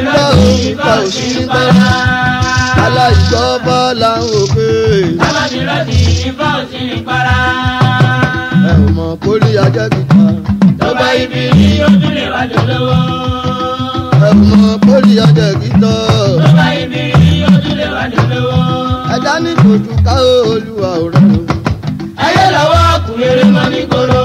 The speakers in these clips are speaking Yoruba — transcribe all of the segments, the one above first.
iná òṣìbá òṣìbá. aláìsọ́bọ̀ là ń wò pé. alábìrọ̀ ti ìbá òsì ìpara. ẹ ò mọ̀ kórè ajá kíkà. tọ́ba ibi ni yóò tún lè wájú lówó. ẹ ò mọ̀ kórè ajá kíkà. tọ́ba ibi ni yóò tún lè lówó. ẹ̀dá ní kò ká olúwa ò rẹ̀ o. ayé làwọn àkùnrin mọ́ ní koro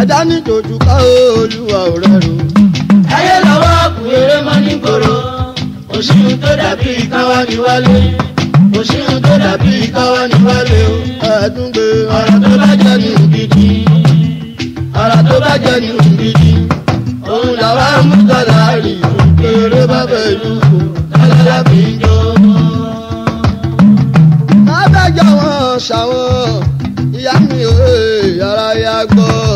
ẹ̀dá ní dojúkọ olúwa ò rẹrù. ayé lọ́wọ́ àkùrẹ́rẹ́ mọ́ nígboro òṣìṣẹ́ tó dàbí káwá ni wálé òṣìṣẹ́ tó dàbí káwá ni wálé o. ẹ̀ẹ́dúgbe ọ̀rọ̀ tó bá jẹ́ ní gidi ọ̀rọ̀ tó bá jẹ́ ní gidi òun làwa mú tọ́lá rí kéré bá bẹ̀ lù kó tọ́lá bí jó. má bẹ́ẹ̀ jọ wọn ṣàwọn ìyá mi ò yàrá yá gbọ́.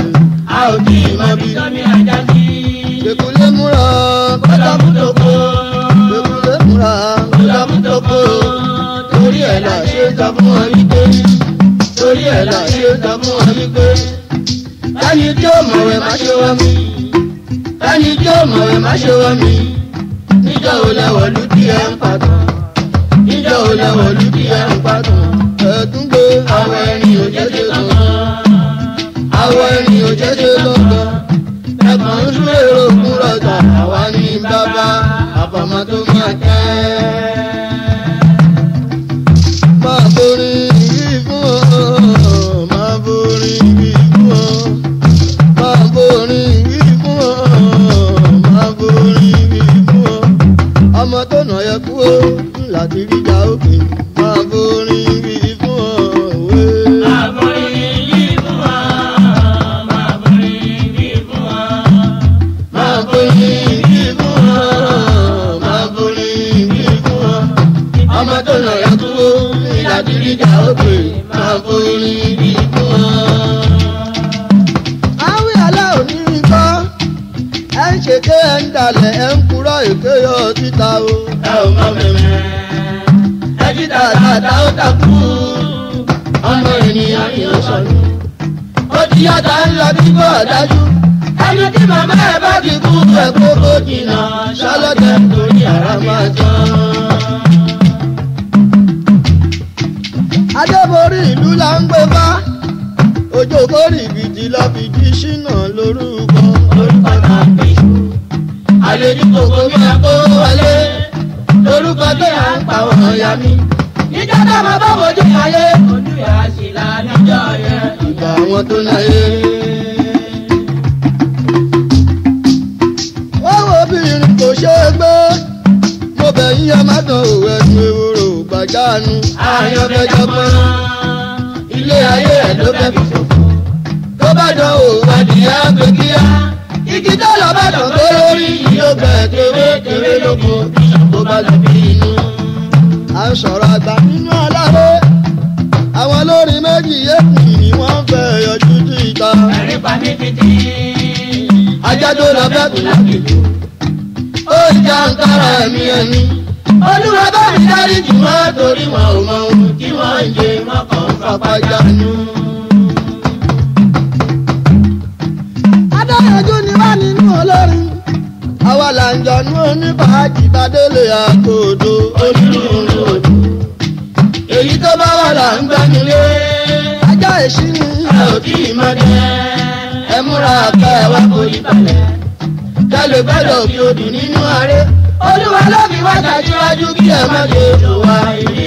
ṣe ta fún wa wípé torí ẹ̀ là ṣe ta fún wa wípé tí ó mọ̀wé má ṣe wá mi tani tí ó mọ̀wé má ṣe wá mi níjọ́ ò lẹ́wọ̀ lùdíyà ń pàtàn níjọ́ ò lẹ́wọ̀ lùdíyà ń pàtàn ẹ̀ẹ́dún gbé àwọn ẹ̀rìn òjèjì kankan àwọn ẹ̀rìn òjèjì kankan ẹ̀kan ń súrèrò kúrọ̀tà àwa ní bàbá àfàmọ́ tó máa tẹ́. ọmọ tó nà yẹ kú ó ńlá ti rí ìjà òkè máa forin yìí fún ọ òwe. máa forin yìí fún ọ máa forin kọ́ ẹ̀ ń ṣe ẹ̀ ń dalẹ̀ ẹ̀ ń kọ́ ta o. ẹ ò mọ mẹ́mẹ́ ẹjí tààtà ta ó takú ọmọ ènìyàn ni ó sọnù. ó ti yàtà ń lọ bí kò dájú ẹni tí màmá ẹ bá fi kú ẹ kó kó jìnnà ṣọlọ́tẹ̀ nítorí ara máa tán. adébórí ìlú la ń gbé bá ojú kórìbìtì lọ fi jí ṣínà lórúkọ. orúkọ náà lójú kòkó mi là kó wọlé lórúkọ tó yà ń pa ọ̀rọ̀ ya mi. níjọ́ tá a máa bá wojú ayé ojú yà sì là níjọ́ yẹn. ìgbà wọn tó láyé. wọ́n wo obìnrin kò ṣe é gbé mo bẹ̀ yín ọmọ kan òwe ẹnu ewúro gbàjánu. àyànfẹ́jọ́ pọ́n ilé ayé ẹ̀ ló fẹ́ fi ṣòfò tó bá dán òun adìyẹ á igi tó lọ bá lọ gbó lórí yóò bẹ̀ kérékéré lóko tó bá lọ bí inú. à ń sọ̀rọ̀ àgbà nínú aláwọ̀ àwọn olórin méjì yéèkì ni wọ́n fẹ́ yọjú sí ìta. ẹ̀rí pa mí títí. ajá tó lọ bẹ́ẹ̀ kù lágbègbè. ó jà ń kára ẹ̀mí ẹni. olúwa bá mi dárí jù wọ́n torí wọn ò mọ ohun tí wọ́n ń ṣe wọ́n kàn jánu. adáyọ̀jú bá nínú olórin àwa là ń jọ̀nú oníbàájì bàdélé àgòdò onírúurú òdò èyí tó bá wà là ń gbẹ́nulé ajá èṣí ni a ò kí ì mọ́dẹ́ ẹ múra àká ẹ wá kó yí balẹ̀ kẹlòkẹlò kí odò nínú àárẹ̀ olúwa ló fi wá tàjúwájú kí ẹ má dé òwà ìlú.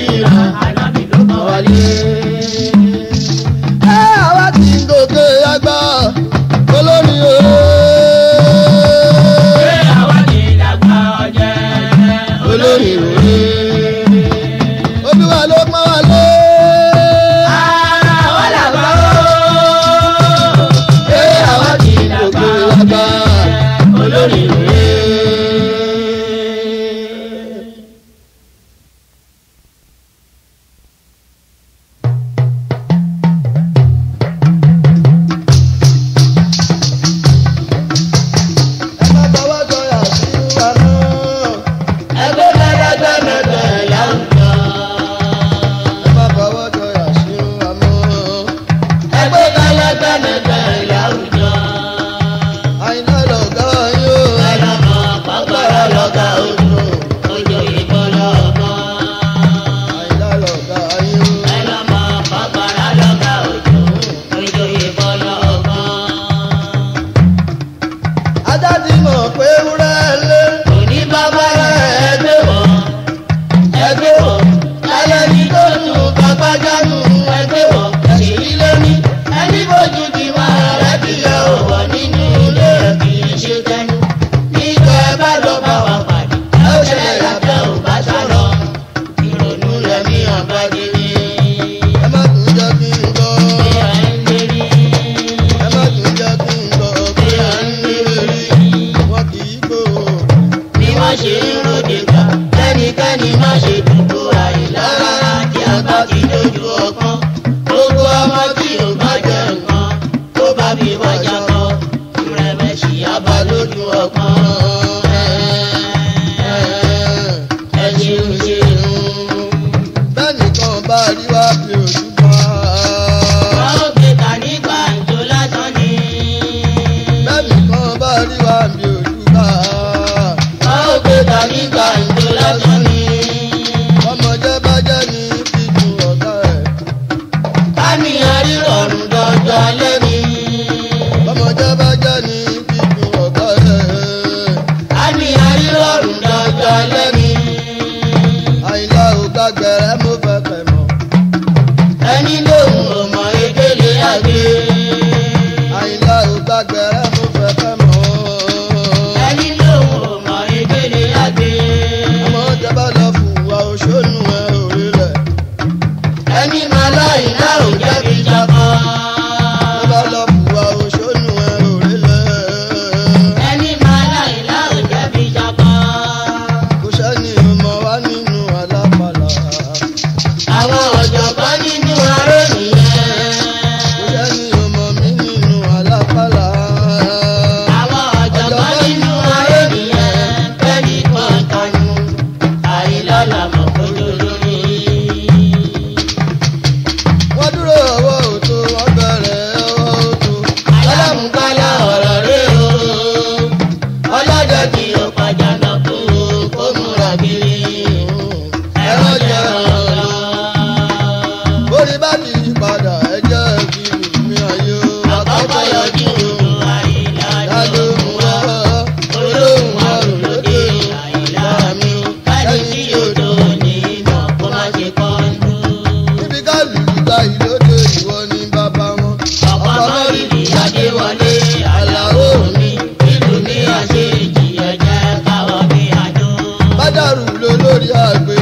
Thiago.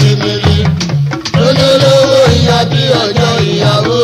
kedere lólólówó ìyá bí ọjọ́ ìyàwó.